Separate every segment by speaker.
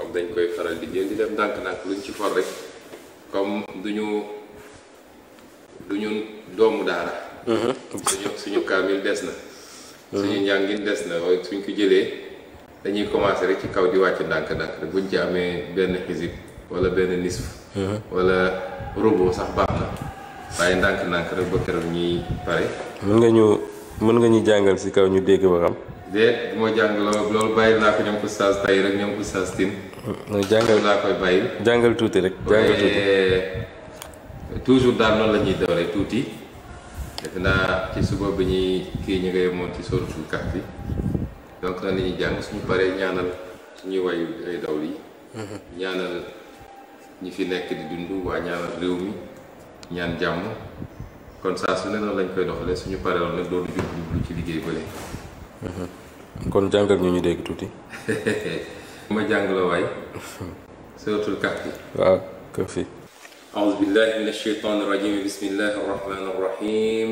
Speaker 1: comme dañ koy faral di jël di def ndànk-ndànk luñ ci for rek comme duñu ñu doomu daara mhm. suñu suñu kaamil des na mhm. suñu njàngin des na waaye suñ ko jëlee dañuy commencé rek ci kaw di wàcc ndànk-ndànk rek buñ ci amee benn xisib wala benn nisf mhm. wala robo sax baax na waaye ndànk-ndànk rek ba keroog ñuy pare mën nga ñu mën nga ñu jàngal si kaw ñu dégg ba xam de bu ma jàng loolu bàyyi naa ko ñoom oustaz tay rek ñoom oustaz Tine jàngal laa koy bàyyi. jàngal tuuti rek jàngal tuuti toujours daal noonu la ñuy dooree tuuti defe naa ci suba bi ñuy kii ñu ngi yemoon ci sóoratul Kahf bi donc na la ñuy jàng suñu paree ñaanal suñuy wayu ay daw mhm. ñaanal ñi fi nekk di dund waa ñaanal réew mi ñaan jàmm kon saa su ne noonu lañ koy doxalee suñu paree woon nag loolu jublu ci liggéey bële. Mhm. kon jàngal ñu ñu dégg tuuti. ma jàng la waay suratul kahfi waaw kahfi أعوذ بالله من الشيطان الرجيم بسم الله الرحمن الرحيم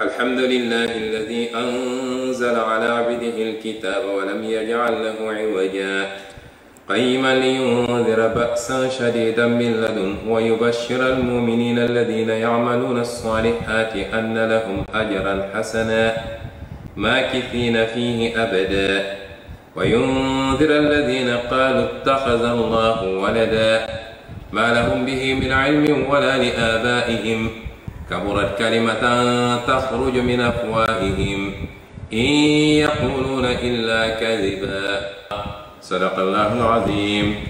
Speaker 1: الحمد لله الذي أنزل على عبده الكتاب ولم يجعل له عوجا قيما لينذر بأسا شديدا من لدنه ويبشر المؤمنين الذين يعملون الصالحات أن لهم أجرا حسنا ماكثين فيه أبدا وينذر الذين قالوا اتخذ الله ولدا ما لهم به من علم ولا لآبائهم كبرت كلمة تخرج من أفواههم إن يقولون إلا كذبا صدق الله العظيم